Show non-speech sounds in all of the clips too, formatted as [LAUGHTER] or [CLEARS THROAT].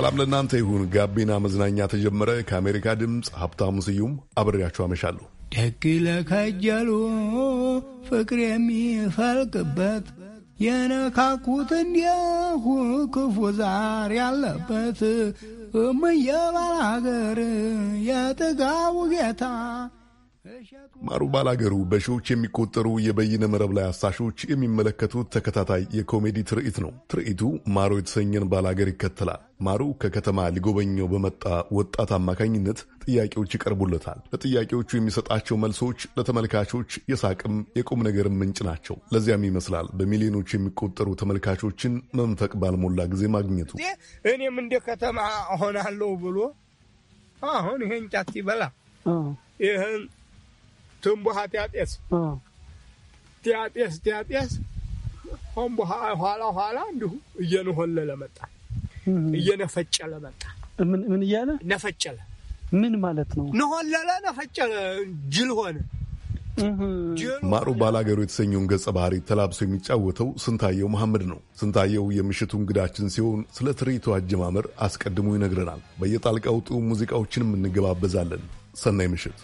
ሰላም ለእናንተ ይሁን። ጋቢና መዝናኛ ተጀመረ። ከአሜሪካ ድምፅ ሀብታሙ ስዩም አብሬያችሁ አመሻለሁ። ደግ ለከጀሉ ፍቅር የሚፈልቅበት የነካኩት እንዲሁ ክፉ ዛር ያለበት እምየባል ሀገር የጥጋቡ ጌታ ማሩ ባላገሩ በሺዎች የሚቆጠሩ የበይነ መረብ ላይ አሳሾች የሚመለከቱት ተከታታይ የኮሜዲ ትርኢት ነው። ትርኢቱ ማሩ የተሰኘን ባላገር ይከተላል። ማሩ ከከተማ ሊጎበኘው በመጣ ወጣት አማካኝነት ጥያቄዎች ይቀርቡለታል። ለጥያቄዎቹ የሚሰጣቸው መልሶች ለተመልካቾች የሳቅም የቁም ነገርም ምንጭ ናቸው። ለዚያም ይመስላል በሚሊዮኖች የሚቆጠሩ ተመልካቾችን መንፈቅ ባልሞላ ጊዜ ማግኘቱ። እኔም እንደ ከተማ ሆናለሁ ብሎ አሁን ይሄን ጫት ይበላ ይህን ትንቡሃ ጢያጤስ ጢያጤስ ጢያጤስ ሆን ኋላ ኋላ እንዲሁ እየነሆለለ መጣ፣ እየነፈጨለ መጣ። ምን እያለ ነፈጨለ? ምን ማለት ነው? ነሆለለ፣ ነፈጨለ፣ ጅል ሆነ። ማሩ ባላገሩ የተሰኘውን ገጸ ባህሪ ተላብሶ የሚጫወተው ስንታየው መሐመድ ነው። ስንታየው የምሽቱ እንግዳችን ሲሆን ስለ ትርኢቱ አጀማመር አስቀድሞ ይነግረናል። በየጣልቃውጡ ሙዚቃዎችንም እንገባበዛለን። ሰናይ ምሽት።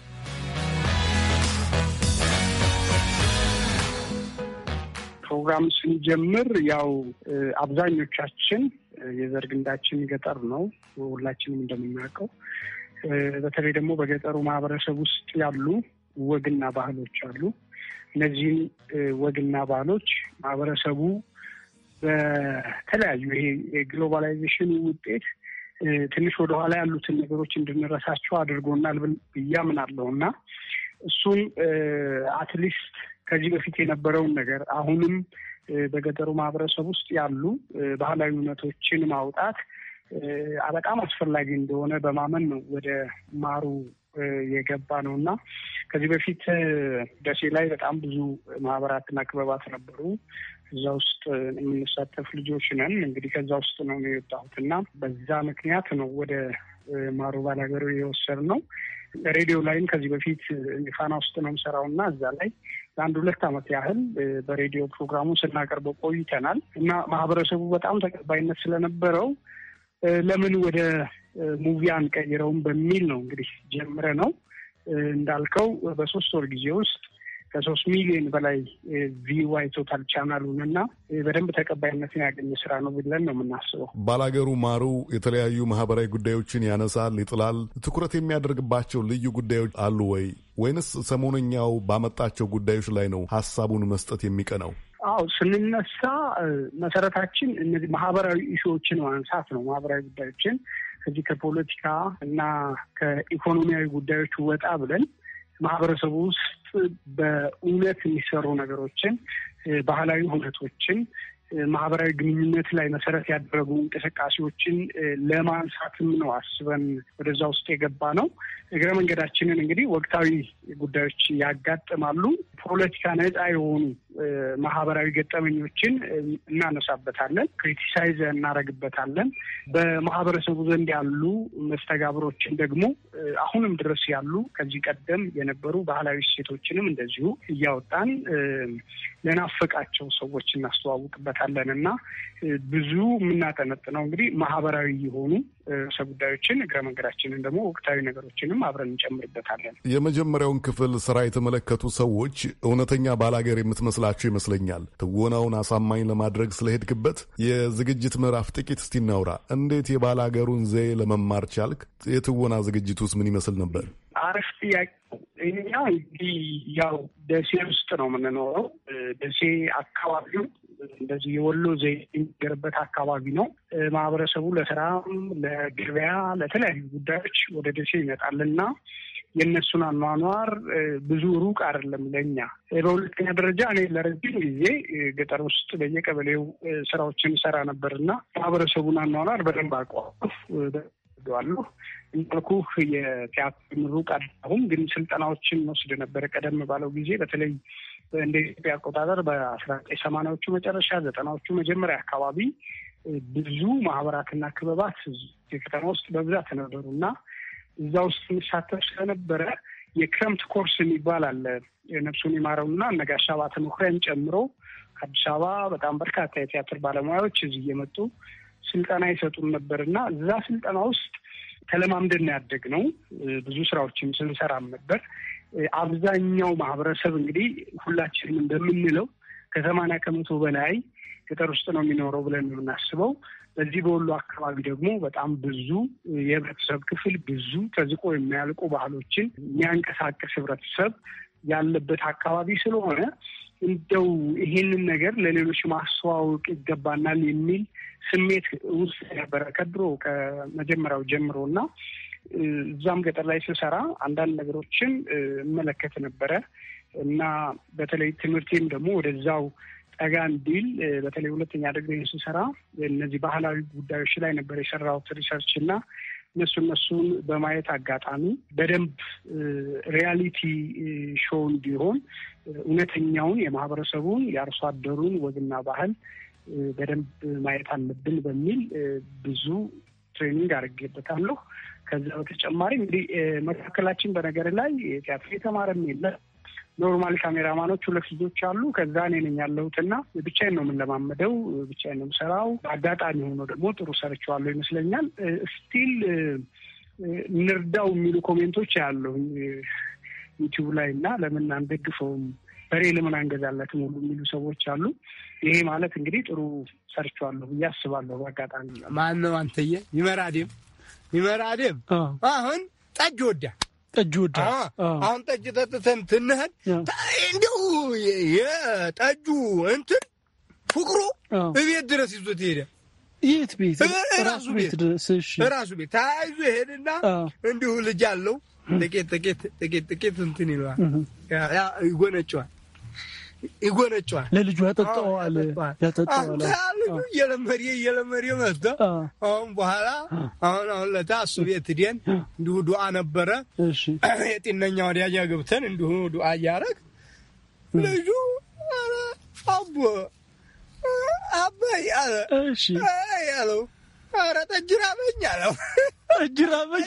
ፕሮግራም ስንጀምር ያው አብዛኞቻችን የዘር ግንዳችን ገጠር ነው፣ ሁላችንም እንደምናውቀው። በተለይ ደግሞ በገጠሩ ማህበረሰብ ውስጥ ያሉ ወግና ባህሎች አሉ። እነዚህም ወግና ባህሎች ማህበረሰቡ በተለያዩ ይሄ የግሎባላይዜሽን ውጤት ትንሽ ወደኋላ ያሉትን ነገሮች እንድንረሳቸው አድርጎናል ብዬ እና እሱም አትሊስት ከዚህ በፊት የነበረውን ነገር አሁንም በገጠሩ ማህበረሰብ ውስጥ ያሉ ባህላዊ እውነቶችን ማውጣት በጣም አስፈላጊ እንደሆነ በማመን ነው ወደ ማሩ የገባ ነው እና ከዚህ በፊት ደሴ ላይ በጣም ብዙ ማህበራትና ክበባት ነበሩ። እዛ ውስጥ የምንሳተፍ ልጆች ነን። እንግዲህ ከዛ ውስጥ ነው ነው የወጣሁት እና በዛ ምክንያት ነው ወደ ማሩባል ሀገር የወሰድ ነው። ሬዲዮ ላይም ከዚህ በፊት ፋና ውስጥ ነው የምሰራው እና እዛ ላይ ለአንድ ሁለት ዓመት ያህል በሬዲዮ ፕሮግራሙ ስናቀርበው ቆይተናል እና ማህበረሰቡ በጣም ተቀባይነት ስለነበረው ለምን ወደ ሙቪ አንቀይረውም በሚል ነው እንግዲህ ጀምረ ነው እንዳልከው በሶስት ወር ጊዜ ውስጥ ከሶስት ሚሊዮን በላይ ቪዋይ ቶታል ቻናሉን እና በደንብ ተቀባይነትን ያገኘ ስራ ነው ብለን ነው የምናስበው። ባላገሩ ማሩ የተለያዩ ማህበራዊ ጉዳዮችን ያነሳል፣ ይጥላል። ትኩረት የሚያደርግባቸው ልዩ ጉዳዮች አሉ ወይ ወይንስ ሰሞነኛው ባመጣቸው ጉዳዮች ላይ ነው ሀሳቡን መስጠት የሚቀነው? አዎ ስንነሳ መሰረታችን እነዚህ ማህበራዊ ኢሹዎችን ማንሳት ነው። ማህበራዊ ጉዳዮችን ከዚህ ከፖለቲካ እና ከኢኮኖሚያዊ ጉዳዮች ወጣ ብለን ማህበረሰቡ ውስጥ በእውነት የሚሰሩ ነገሮችን ባህላዊ እውነቶችን ማህበራዊ ግንኙነት ላይ መሰረት ያደረጉ እንቅስቃሴዎችን ለማንሳትም ነው አስበን ወደዛ ውስጥ የገባ ነው። እግረ መንገዳችንን እንግዲህ ወቅታዊ ጉዳዮች ያጋጥማሉ። ፖለቲካ ነፃ የሆኑ ማህበራዊ ገጠመኞችን እናነሳበታለን፣ ክሪቲሳይዝ እናረግበታለን። በማህበረሰቡ ዘንድ ያሉ መስተጋብሮችን ደግሞ አሁንም ድረስ ያሉ ከዚህ ቀደም የነበሩ ባህላዊ እሴቶችንም እንደዚሁ እያወጣን ለናፈቃቸው ሰዎች እናስተዋውቅበታለን እና ብዙ የምናጠነጥነው እንግዲህ ማህበራዊ የሆኑ ርዕሰ ጉዳዮችን እግረ መንገዳችንን ደግሞ ወቅታዊ ነገሮችንም አብረን እንጨምርበታለን። የመጀመሪያውን ክፍል ስራ የተመለከቱ ሰዎች እውነተኛ ባላገር የምትመስላ ያላችሁ ይመስለኛል። ትወናውን አሳማኝ ለማድረግ ስለሄድክበት የዝግጅት ምዕራፍ ጥቂት እስቲ እናውራ። እንዴት የባለ ሀገሩን ዘዬ ለመማር ቻልክ? የትወና ዝግጅት ውስጥ ምን ይመስል ነበር? አረፍ ጥያቄ። እኛ እንግዲህ ያው ደሴ ውስጥ ነው የምንኖረው። ደሴ አካባቢው እንደዚህ የወሎ ዘ የሚገርበት አካባቢ ነው። ማህበረሰቡ ለስራም፣ ለገበያ፣ ለተለያዩ ጉዳዮች ወደ ደሴ ይመጣልና የእነሱን አኗኗር ብዙ ሩቅ አይደለም ለእኛ። በሁለተኛ ደረጃ እኔ ለረጅም ጊዜ ገጠር ውስጥ በየቀበሌው ስራዎችን እሰራ ነበር እና ማህበረሰቡን አኗኗር በደንብ አቋፍ ወስደዋለሁ እንዳልኩ የቲያትር ሩቅ አሁን ግን ስልጠናዎችን ወስድ ነበረ። ቀደም ባለው ጊዜ በተለይ እንደ ኢትዮጵያ አቆጣጠር በአስራ ዘጠኝ ሰማንያዎቹ መጨረሻ ዘጠናዎቹ መጀመሪያ አካባቢ ብዙ ማህበራትና ክበባት የከተማ ውስጥ በብዛት ነበሩ እና እዛ ውስጥ የሚሳተፍ ስለነበረ የክረምት ኮርስ የሚባል አለ። ነፍሱን ይማረውና ነጋሽ አባተ መኩሪያን ጨምሮ ከአዲስ አበባ በጣም በርካታ የቲያትር ባለሙያዎች እዚህ እየመጡ ስልጠና ይሰጡን ነበር እና እዛ ስልጠና ውስጥ ተለማምደን ነው። ብዙ ስራዎችን ስንሰራም ነበር። አብዛኛው ማህበረሰብ እንግዲህ ሁላችንም እንደምንለው ከሰማንያ ከመቶ በላይ ገጠር ውስጥ ነው የሚኖረው ብለን የምናስበው። በዚህ በወሎ አካባቢ ደግሞ በጣም ብዙ የህብረተሰብ ክፍል ብዙ ተዝቆ የሚያልቁ ባህሎችን የሚያንቀሳቅስ ህብረተሰብ ያለበት አካባቢ ስለሆነ እንደው ይሄንን ነገር ለሌሎች ማስተዋወቅ ይገባናል የሚል ስሜት ውስጥ ነበረ ከድሮ ከመጀመሪያው ጀምሮ እና እዛም ገጠር ላይ ስሰራ አንዳንድ ነገሮችን እመለከት ነበረ እና በተለይ ትምህርቴም ደግሞ ወደዛው ጠጋ እንዲል በተለይ ሁለተኛ ደግሜ ስሰራ እነዚህ ባህላዊ ጉዳዮች ላይ ነበር የሰራሁት ሪሰርች እና እነሱ እነሱን በማየት አጋጣሚ በደንብ ሪያሊቲ ሾው እንዲሆን እውነተኛውን የማህበረሰቡን የአርሶ አደሩን ወግና ባህል በደንብ ማየት አለብን በሚል ብዙ ትሬኒንግ አድርጌበታለሁ። ከዚያ በተጨማሪ እንግዲህ መካከላችን በነገር ላይ ቲያትር የተማረም የለም ኖርማል ካሜራማኖች ሁለት ልጆች አሉ። ከዛ እኔ ነኝ ያለሁትና ብቻዬን ነው የምንለማመደው፣ ብቻዬን ነው የምሰራው። አጋጣሚ ሆኖ ደግሞ ጥሩ ሰርቼዋለሁ ይመስለኛል። ስቲል እንርዳው የሚሉ ኮሜንቶች ያለሁ ዩቲዩብ ላይ እና ለምን አንደግፈውም በሬ ለምን አንገዛለትም ሁሉ የሚሉ ሰዎች አሉ። ይሄ ማለት እንግዲህ ጥሩ ሰርቼዋለሁ ብዬ አስባለሁ። አጋጣሚ ማን ነው አንተዬ? ይመራዴም ይመራዴም አሁን ጠጅ ወዳ ጠጁ ወዳል። አሁን ጠጅ ጠጥተን ትንህል እንዲሁ የጠጁ እንትን ፍቅሩ እቤት ድረስ ይዞት ሄደ። የት ቤት? ራሱ ቤት ራሱ ቤት ተያይዞ ይሄድና እንዲሁ ልጅ አለው ጥቂት ጥቂት ጥቂት ጥቂት እንትን ይለዋል፣ ይጎነጨዋል ይጎነጨዋል። ለልጁ ያጠጠዋል ያጠጠዋል። ልጁ እየለመዴ እየለመዴ መጥቶ አሁን በኋላ አሁን አሁን ለታ እሱ ቤት ሄደን እንዲሁ ዱዓ ነበረ [CLEARS THROAT] የጤነኛ ወዳጃ ገብተን እንዲሁ ዱዓ እያደረግ ልጁ አቦ አባይ አለ ያለው ኧረ ጠጅ ራበኝ አለው ጠጅ ራበኝ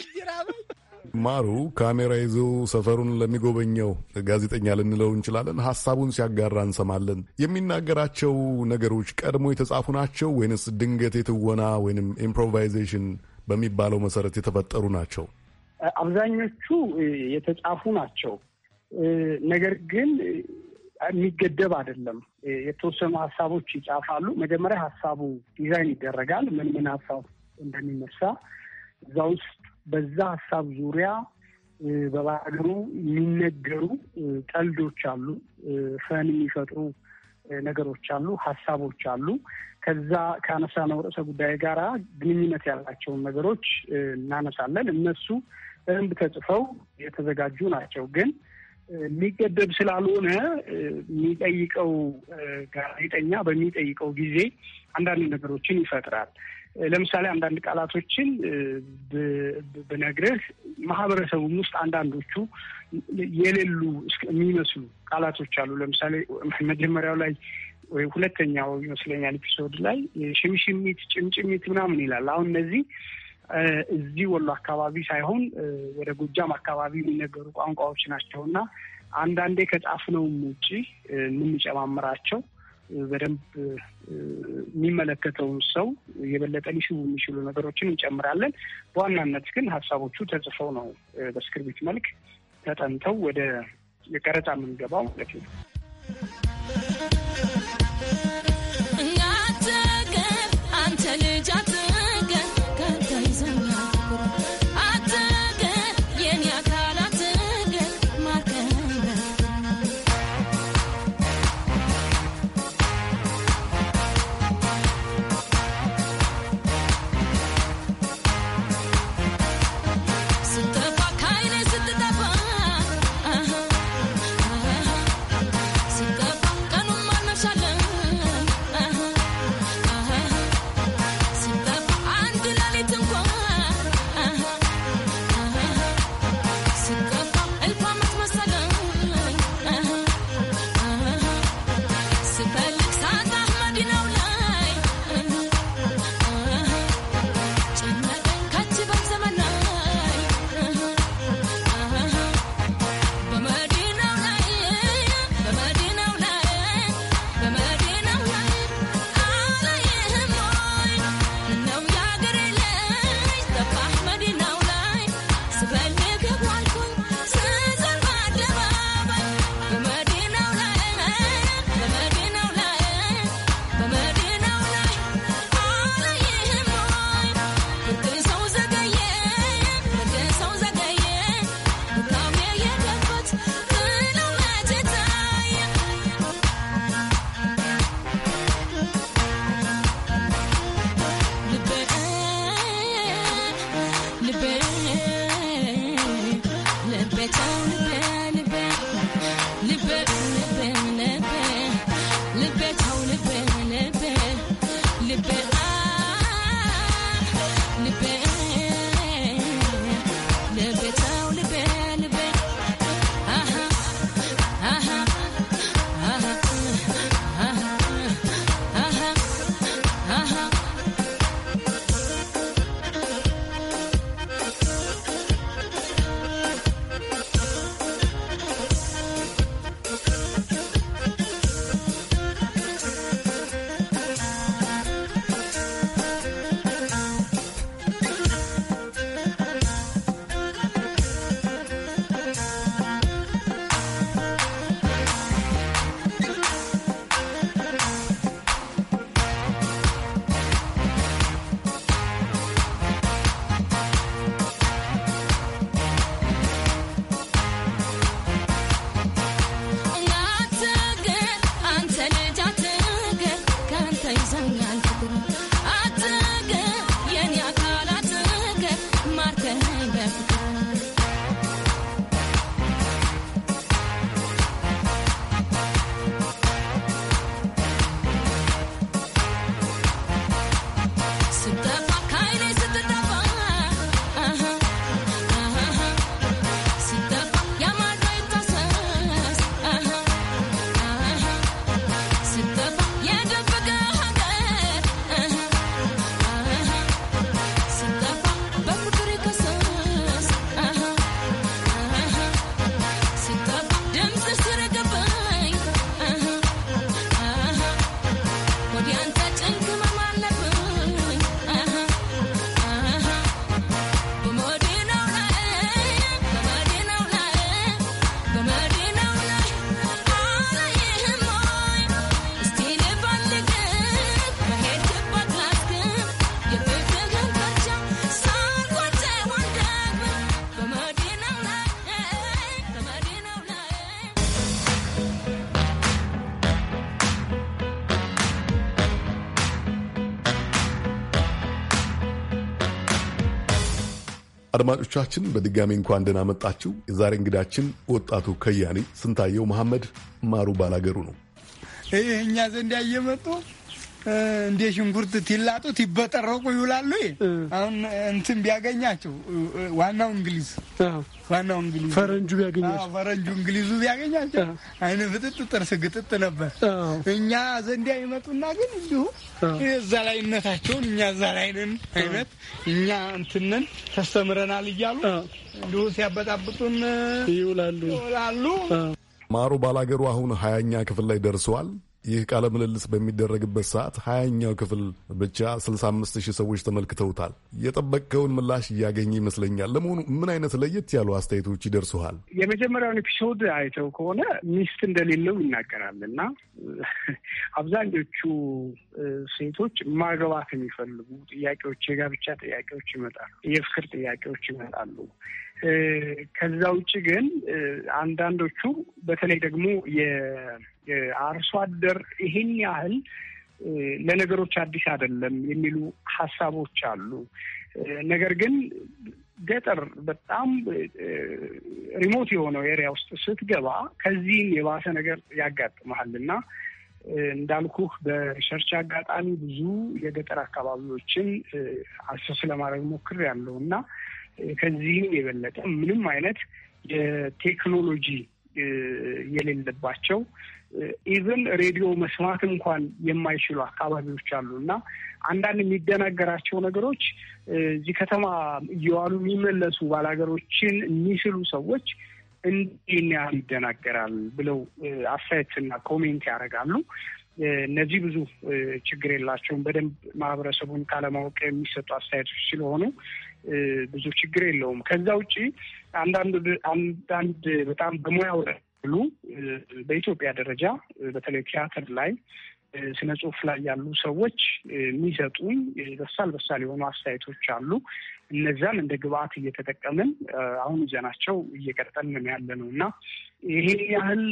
ማሩ ካሜራ ይዞ ሰፈሩን ለሚጎበኘው ጋዜጠኛ ልንለው እንችላለን ሀሳቡን ሲያጋራ እንሰማለን። የሚናገራቸው ነገሮች ቀድሞ የተጻፉ ናቸው ወይንስ ድንገት የትወና ወይንም ኢምፕሮቫይዜሽን በሚባለው መሰረት የተፈጠሩ ናቸው? አብዛኞቹ የተጻፉ ናቸው። ነገር ግን የሚገደብ አይደለም። የተወሰኑ ሀሳቦች ይጻፋሉ። መጀመሪያ ሀሳቡ ዲዛይን ይደረጋል። ምን ምን ሀሳብ እንደሚነሳ እዛ ውስጥ በዛ ሀሳብ ዙሪያ በባህገሩ የሚነገሩ ቀልዶች አሉ፣ ፈን የሚፈጥሩ ነገሮች አሉ፣ ሀሳቦች አሉ። ከዛ ከአነሳነው ርዕሰ ጉዳይ ጋር ግንኙነት ያላቸውን ነገሮች እናነሳለን። እነሱ በደንብ ተጽፈው የተዘጋጁ ናቸው ግን ሊገደብ ስላልሆነ የሚጠይቀው ጋዜጠኛ በሚጠይቀው ጊዜ አንዳንድ ነገሮችን ይፈጥራል። ለምሳሌ አንዳንድ ቃላቶችን ብነግርህ ማህበረሰቡም ውስጥ አንዳንዶቹ የሌሉ የሚመስሉ ቃላቶች አሉ። ለምሳሌ መጀመሪያው ላይ ወይ ሁለተኛው ይመስለኛል ኤፒሶድ ላይ ሽምሽሚት፣ ጭምጭሚት ምናምን ይላል። አሁን እነዚህ እዚህ ወሎ አካባቢ ሳይሆን ወደ ጎጃም አካባቢ የሚነገሩ ቋንቋዎች ናቸው እና አንዳንዴ ከጻፍነውም ውጪ የምንጨማምራቸው በደንብ የሚመለከተውን ሰው የበለጠ ሊስቡ የሚችሉ ነገሮችን እንጨምራለን። በዋናነት ግን ሀሳቦቹ ተጽፈው ነው በስክሪፕት መልክ ተጠንተው ወደ ቀረጻ የምንገባው ማለት ነው። አድማጮቻችን በድጋሚ እንኳን ደህና መጣችሁ። የዛሬ እንግዳችን ወጣቱ ከያኔ ስንታየው መሐመድ ማሩ ባላገሩ ነው። እኛ ዘንድ ያየመጡ እንደ ሽንኩርት ቲላጡት ይበጠረቁ ይውላሉ። አሁን እንትን ቢያገኛቸው ዋናው እንግሊዝ ዋናው እንግሊዝ ፈረንጁ ቢያገኛቸው ፈረንጁ እንግሊዙ ቢያገኛቸው አይነ ፍጥጥ ጥርስ ግጥጥ ነበር። እኛ ዘንዲያ ይመጡና ግን እንዲሁ እዛ ላይነታቸውን እኛ እዛ ላይንን አይነት እኛ እንትንን ተስተምረናል እያሉ እንዲሁ ሲያበጣብጡን ይውላሉ ይውላሉ። ማሩ ባላገሩ አሁን ሀያኛ ክፍል ላይ ደርሰዋል። ይህ ቃለ ምልልስ በሚደረግበት ሰዓት ሀያኛው ክፍል ብቻ 65 ሺህ ሰዎች ተመልክተውታል። የጠበቅከውን ምላሽ እያገኘ ይመስለኛል። ለመሆኑ ምን አይነት ለየት ያሉ አስተያየቶች ይደርሱሃል? የመጀመሪያውን ኤፒሶድ አይተው ከሆነ ሚስት እንደሌለው ይናገራል እና አብዛኞቹ ሴቶች ማግባት የሚፈልጉ ጥያቄዎች፣ የጋብቻ ጥያቄዎች ይመጣሉ፣ የፍቅር ጥያቄዎች ይመጣሉ። ከዛ ውጭ ግን አንዳንዶቹ በተለይ ደግሞ አርሶ አደር ይሄን ያህል ለነገሮች አዲስ አይደለም የሚሉ ሀሳቦች አሉ። ነገር ግን ገጠር በጣም ሪሞት የሆነው ኤሪያ ውስጥ ስትገባ ከዚህም የባሰ ነገር ያጋጥመሃል እና እንዳልኩህ በሪሰርች አጋጣሚ ብዙ የገጠር አካባቢዎችን አሰስ ለማድረግ ሞክር ያለው እና ከዚህም የበለጠ ምንም አይነት የቴክኖሎጂ የሌለባቸው ኢቭን ሬዲዮ መስማት እንኳን የማይችሉ አካባቢዎች አሉ እና አንዳንድ የሚደናገራቸው ነገሮች እዚህ ከተማ እየዋሉ የሚመለሱ ባላገሮችን የሚስሉ ሰዎች እንዲህ ያህል ይደናገራል ብለው አስተያየትና ኮሜንት ያደርጋሉ። እነዚህ ብዙ ችግር የላቸውም። በደንብ ማህበረሰቡን ካለማወቅ የሚሰጡ አስተያየቶች ስለሆኑ ብዙ ችግር የለውም። ከዛ ውጭ አንዳንድ አንዳንድ በጣም በሙያው ላይ ሉ በኢትዮጵያ ደረጃ በተለይ ቲያትር ላይ ስነ ጽሁፍ ላይ ያሉ ሰዎች የሚሰጡኝ በሳል በሳል የሆኑ አስተያየቶች አሉ። እነዛን እንደ ግብአት እየተጠቀምን አሁን ይዘናቸው እየቀጠልን ያለ ነው እና ይሄ ያህል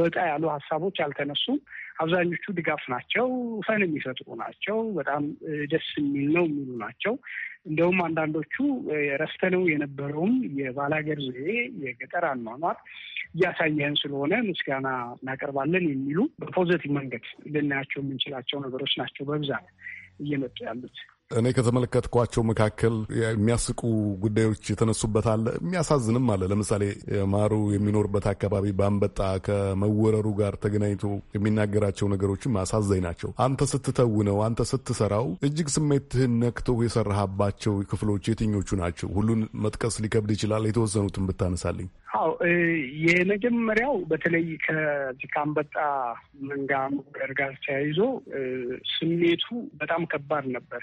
ወጣ ያሉ ሀሳቦች አልተነሱም። አብዛኞቹ ድጋፍ ናቸው፣ ፈን የሚፈጥሩ ናቸው፣ በጣም ደስ የሚል ነው የሚሉ ናቸው። እንደውም አንዳንዶቹ ረስተነው የነበረውም የባላገር ዘዬ የገጠር አኗኗር እያሳየህን ስለሆነ ምስጋና እናቀርባለን የሚሉ በፖዘቲቭ መንገድ ልናያቸው የምንችላቸው ነገሮች ናቸው በብዛት እየመጡ ያሉት። እኔ ከተመለከትኳቸው መካከል የሚያስቁ ጉዳዮች የተነሱበት አለ፣ የሚያሳዝንም አለ። ለምሳሌ ማሩ የሚኖርበት አካባቢ በአንበጣ ከመወረሩ ጋር ተገናኝቶ የሚናገራቸው ነገሮችም አሳዘኝ ናቸው። አንተ ስትተውነው፣ አንተ ስትሰራው እጅግ ስሜትህን ነክቶ የሰራህባቸው ክፍሎች የትኞቹ ናቸው? ሁሉን መጥቀስ ሊከብድ ይችላል። የተወሰኑትን ብታነሳልኝ። አዎ የመጀመሪያው በተለይ ከዚህ ከአንበጣ መንጋ መወገር ጋር ተያይዞ ስሜቱ በጣም ከባድ ነበር።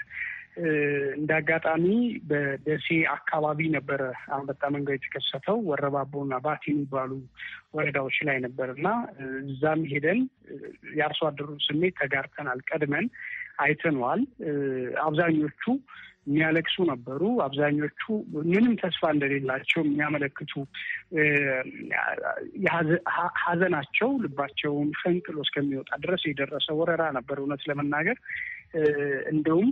እንደ አጋጣሚ በደሴ አካባቢ ነበረ አንበጣ መንጋ የተከሰተው። ወረባቦና ባቲ የሚባሉ ወረዳዎች ላይ ነበር እና እዛም ሄደን የአርሶ አደሩን ስሜት ተጋርተናል። ቀድመን አይተነዋል። አብዛኞቹ የሚያለቅሱ ነበሩ። አብዛኞቹ ምንም ተስፋ እንደሌላቸው የሚያመለክቱ ሀዘናቸው ልባቸውን ፈንቅሎ እስከሚወጣ ድረስ የደረሰ ወረራ ነበር። እውነት ለመናገር እንደውም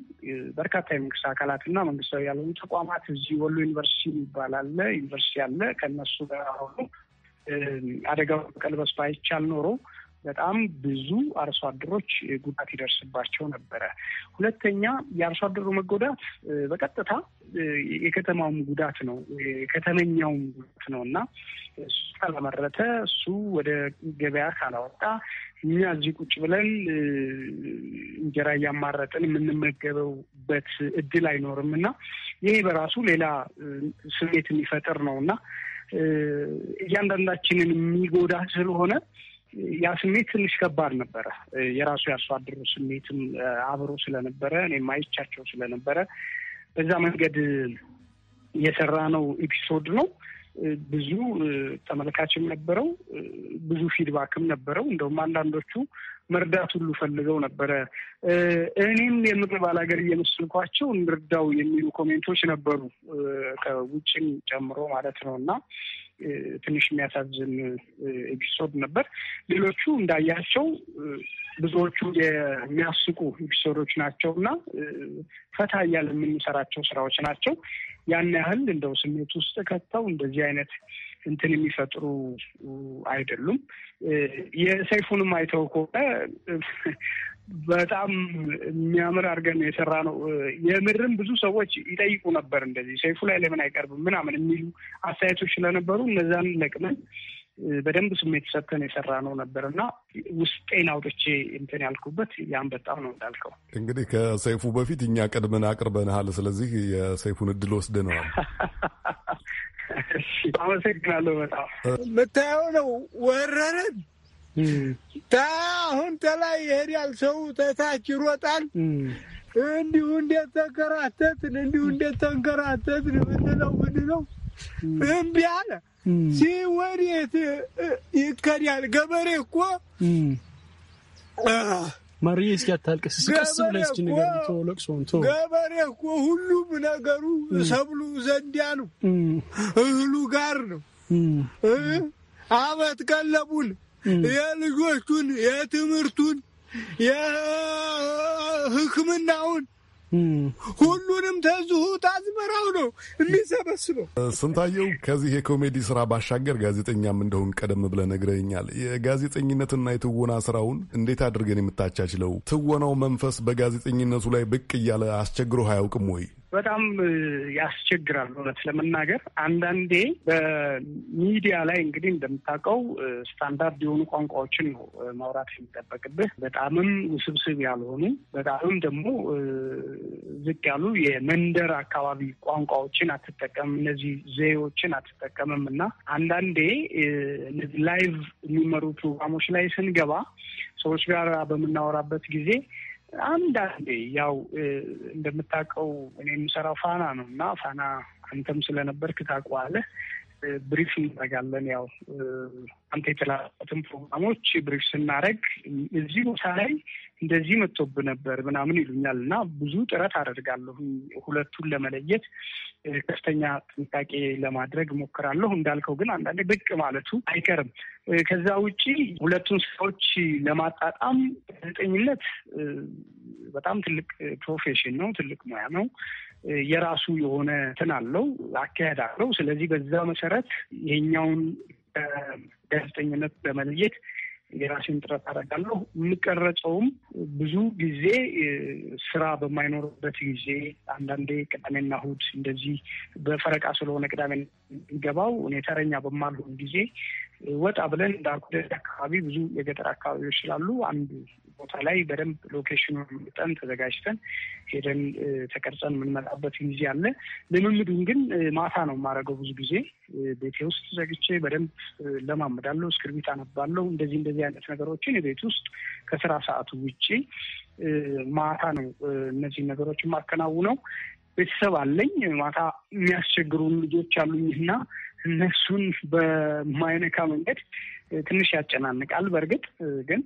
በርካታ የመንግስት አካላትና መንግስታዊ ያልሆኑ ተቋማት እዚህ ወሎ ዩኒቨርሲቲ ይባላል ዩኒቨርሲቲ አለ ከነሱ ጋር ሆኖ አደጋው ቀልበስ ባይቻል ኖሮ በጣም ብዙ አርሶ አደሮች ጉዳት ይደርስባቸው ነበረ። ሁለተኛ የአርሶ አደሩ መጎዳት በቀጥታ የከተማውም ጉዳት ነው፣ የከተመኛውም ጉዳት ነው እና እሱ ካላመረተ፣ እሱ ወደ ገበያ ካላወጣ፣ እኛ እዚህ ቁጭ ብለን እንጀራ እያማረጥን የምንመገበውበት እድል አይኖርም እና ይሄ በራሱ ሌላ ስሜት የሚፈጥር ነው እና እያንዳንዳችንን የሚጎዳ ስለሆነ ያ ስሜት ትንሽ ከባድ ነበረ። የራሱ የአርሶ አደሩ ስሜትም አብሮ ስለነበረ እኔ ማይቻቸው ስለነበረ በዛ መንገድ የሰራ ነው ኤፒሶድ ነው። ብዙ ተመልካችም ነበረው፣ ብዙ ፊድባክም ነበረው። እንደውም አንዳንዶቹ መርዳት ሁሉ ፈልገው ነበረ። እኔም የምግብ አላገር እየመስልኳቸው እንርዳው የሚሉ ኮሜንቶች ነበሩ፣ ከውጭም ጨምሮ ማለት ነው እና ትንሽ የሚያሳዝን ኤፒሶድ ነበር። ሌሎቹ እንዳያቸው ብዙዎቹ የሚያስቁ ኤፒሶዶች ናቸው እና ፈታ እያለ የምንሰራቸው ስራዎች ናቸው። ያን ያህል እንደው ስሜት ውስጥ ከተው እንደዚህ አይነት እንትን የሚፈጥሩ አይደሉም። የሰይፉንም አይተው ከሆነ በጣም የሚያምር አድርገን የሰራ ነው። የምርም ብዙ ሰዎች ይጠይቁ ነበር እንደዚህ ሰይፉ ላይ ለምን አይቀርብም ምናምን የሚሉ አስተያየቶች ስለነበሩ እነዛን ለቅመን በደንብ ስሜት ሰጥተን የሰራ ነው ነበር እና ውስጤን አውጥቼ እንትን ያልኩበት ያን በጣም ነው እንዳልከው። እንግዲህ ከሰይፉ በፊት እኛ ቀድመን አቅርበንሃል። ስለዚህ የሰይፉን እድል ወስደነዋል። አመሰግናለሁ። በጣም የምታየው ነው ወረረን ታ አሁን ተላይ ይሄዳል፣ ሰው ተታች ይሮጣል። እንዲሁ እንዴት ተንከራተትን፣ እንዲሁ እንዴት ተንከራተትን። ምንድነው ምንድነው እምቢ አለ ሲወዴት ይከዳል። ገበሬ እኮ ማርዬ፣ እስኪ አታልቅስ፣ ቀስ ብለህ እስኪ ንገር። ለቅሶውን ገበሬ እኮ ሁሉም ነገሩ ሰብሉ ዘንዲያ ነው፣ እህሉ ጋር ነው። አበት ቀለቡን የልጆቹን የትምህርቱን የሕክምናውን ሁሉንም ተዝሁ ታዝመራው ነው የሚሰበስበው። ስንታየው ከዚህ የኮሜዲ ስራ ባሻገር ጋዜጠኛም እንደሆን ቀደም ብለህ ነግረኛል። የጋዜጠኝነትና የትወና ስራውን እንዴት አድርገን የምታቻችለው? ትወናው መንፈስ በጋዜጠኝነቱ ላይ ብቅ እያለ አስቸግሮህ አያውቅም ወይ? በጣም ያስቸግራል። እውነት ለመናገር አንዳንዴ በሚዲያ ላይ እንግዲህ እንደምታውቀው ስታንዳርድ የሆኑ ቋንቋዎችን ነው ማውራት የሚጠበቅብህ። በጣምም ውስብስብ ያልሆኑ በጣምም ደግሞ ዝቅ ያሉ የመንደር አካባቢ ቋንቋዎችን አትጠቀምም፣ እነዚህ ዘዬዎችን አትጠቀምም እና አንዳንዴ ላይቭ የሚመሩ ፕሮግራሞች ላይ ስንገባ ሰዎች ጋር በምናወራበት ጊዜ አንዳንዴ ያው እንደምታውቀው እኔ የምሰራው ፋና ነው እና ፋና አንተም ስለነበርክ ታውቀዋለህ ብሪፍ እናደርጋለን። ያው አንተ የተላጡትን ፕሮግራሞች ብሪፍ ስናደርግ እዚህ ቦታ ላይ እንደዚህ መጥቶብህ ነበር ምናምን ይሉኛል እና ብዙ ጥረት አደርጋለሁ። ሁለቱን ለመለየት ከፍተኛ ጥንቃቄ ለማድረግ ሞክራለሁ። እንዳልከው ግን አንዳንዴ ብቅ ማለቱ አይቀርም። ከዛ ውጪ ሁለቱን ስራዎች ለማጣጣም ጋዜጠኝነት በጣም ትልቅ ፕሮፌሽን ነው፣ ትልቅ ሙያ ነው። የራሱ የሆነ እንትን አለው፣ አካሄድ አለው። ስለዚህ በዛ መሰረት ይሄኛውን ጋዜጠኝነት በመለየት የራሴን ጥረት አደርጋለሁ። የምቀረጸውም ብዙ ጊዜ ስራ በማይኖርበት ጊዜ አንዳንዴ ቅዳሜና እሑድ እንደዚህ በፈረቃ ስለሆነ ቅዳሜ የሚገባው እኔ ተረኛ በማልሆን ጊዜ ወጣ ብለን እንዳልኩ አካባቢ ብዙ የገጠር አካባቢዎች ስላሉ አንዱ ቦታ ላይ በደንብ ሎኬሽኑ መጠን ተዘጋጅተን ሄደን ተቀርጸን የምንመጣበት ጊዜ አለ። ልምምዱን ግን ማታ ነው የማደርገው። ብዙ ጊዜ ቤቴ ውስጥ ዘግቼ በደንብ ለማመዳለው፣ እስክርቢት አነባለው። እንደዚህ እንደዚህ አይነት ነገሮችን የቤት ውስጥ ከስራ ሰዓቱ ውጭ ማታ ነው እነዚህ ነገሮች የማከናውነው። ቤተሰብ አለኝ። ማታ የሚያስቸግሩን ልጆች እና እነሱን በማይነካ መንገድ ትንሽ ያጨናንቃል። በእርግጥ ግን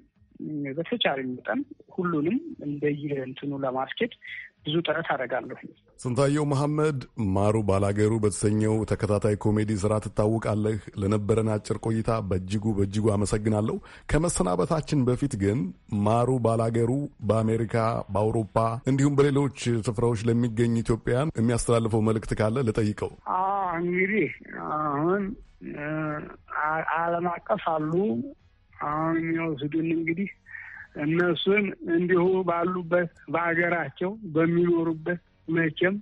በተቻለ መጠን ሁሉንም እንደየ እንትኑ ለማስኬድ ብዙ ጥረት አደርጋለሁ። ስንታየው መሐመድ ማሩ ባላገሩ በተሰኘው ተከታታይ ኮሜዲ ስራ ትታወቃለህ። ለነበረን አጭር ቆይታ በእጅጉ በእጅጉ አመሰግናለሁ። ከመሰናበታችን በፊት ግን ማሩ ባላገሩ በአሜሪካ በአውሮፓ እንዲሁም በሌሎች ስፍራዎች ለሚገኝ ኢትዮጵያን የሚያስተላልፈው መልእክት ካለ ልጠይቀው። እንግዲህ አሁን ዓለም አቀፍ አሉ አሁን የሚወስዱን እንግዲህ እነሱን እንዲሁ ባሉበት በሀገራቸው በሚኖሩበት መቼም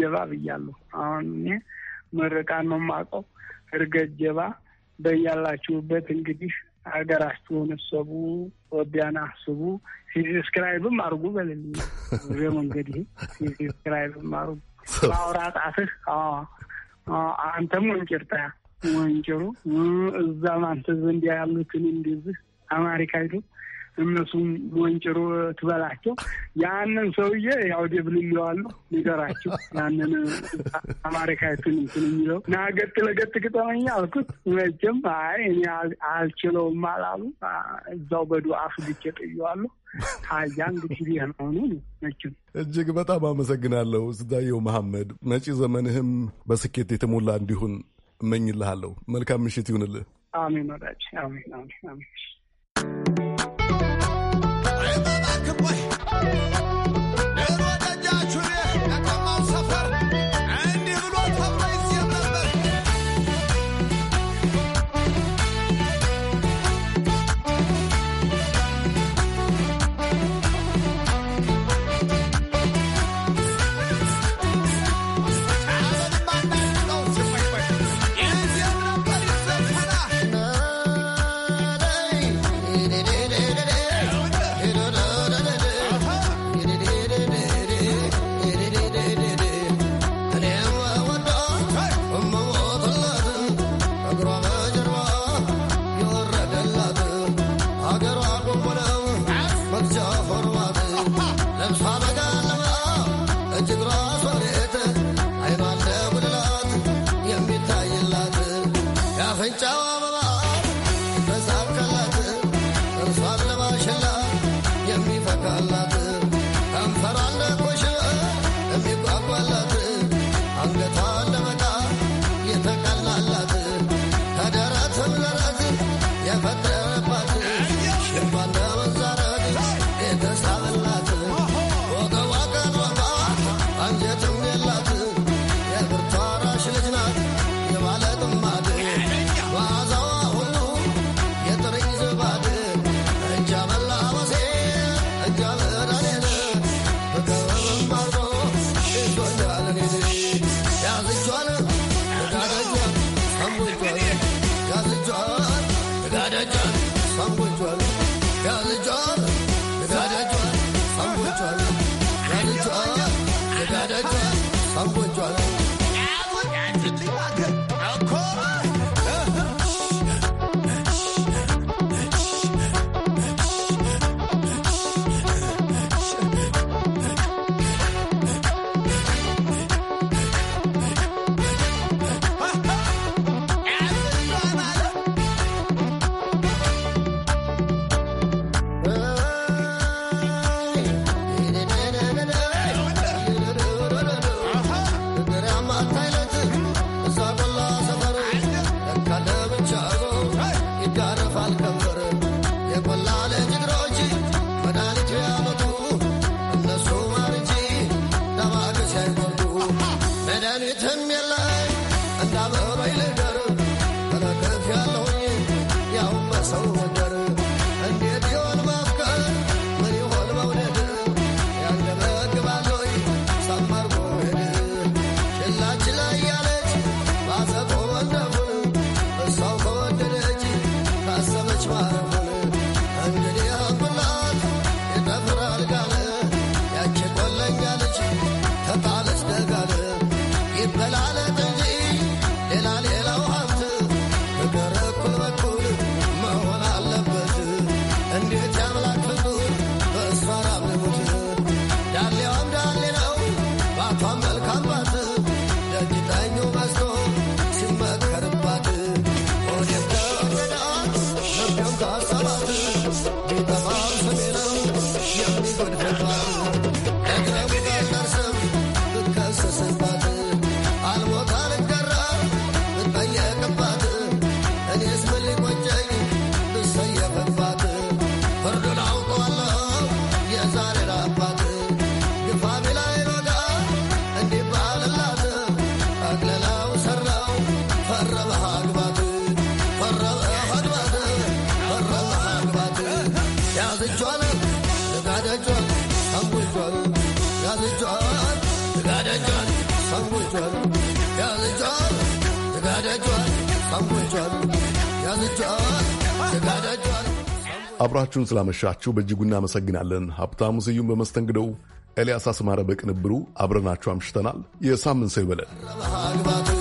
ጀባ ብያለሁ። አሁን እኔ ምርቃን ነው የማውቀው። ጀባ በያላችሁበት እንግዲህ ሀገራችሁን እሰቡ፣ ወዲያን አስቡ፣ ሲስክራይብም አርጉ በልል ዜ መንገድ ሲስክራይብም አርጉ በአውራ ጣትህ አንተም ወንጭርታ ወንጀሮ እዛ ማንተ ዘንድ ያሉትን እንደዚህ አማሪካ ሂዶ እነሱም ወንጭሮ ትበላቸው። ያንን ሰውዬ ያው ደብል ይለዋሉ ንገራቸው። ያንን አማሪካዊቱን እንትን የሚለው ና ገጥ ለገጥ ግጠመኛ አልኩት። መቼም አይ እኔ አልችለውም አላሉ። እዛው በዱ አፍ ፍግቼ ጥየዋለሁ። ታያ እንግዲህ ይህ ነው መቼም። እጅግ በጣም አመሰግናለሁ ስንታየሁ መሐመድ። መጪ ዘመንህም በስኬት የተሞላ እንዲሁን እመኝልሃለሁ። መልካም ምሽት ይሁንልህ። አሜን ወዳጅ። አሜን አሜን አሜን። አብራችሁን ስላመሻችሁ በእጅጉ እናመሰግናለን። ሀብታሙ ስዩም በመስተንግደው፣ ኤልያስ አስማረ በቅንብሩ አብረናችሁ አምሽተናል። የሳምንት ሰው ይበለን።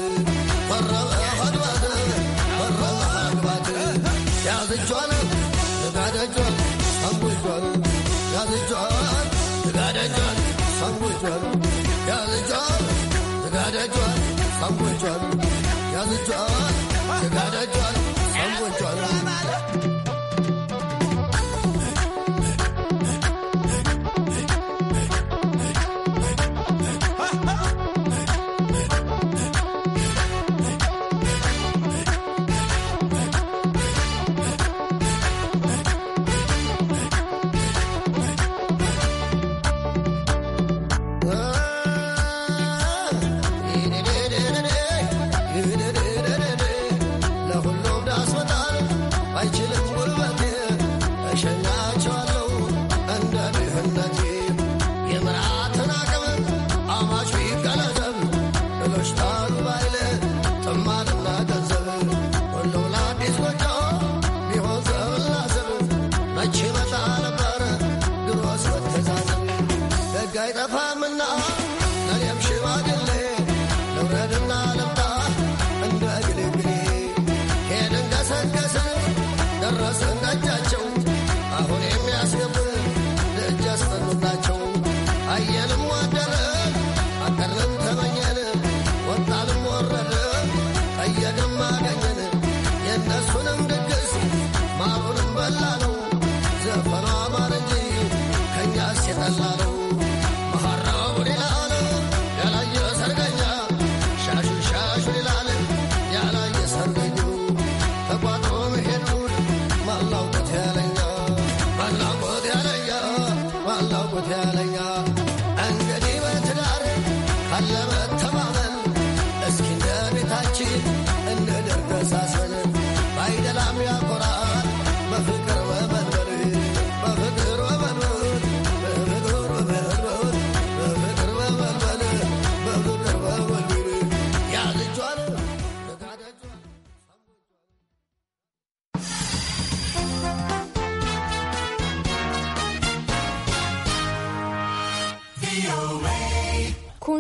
da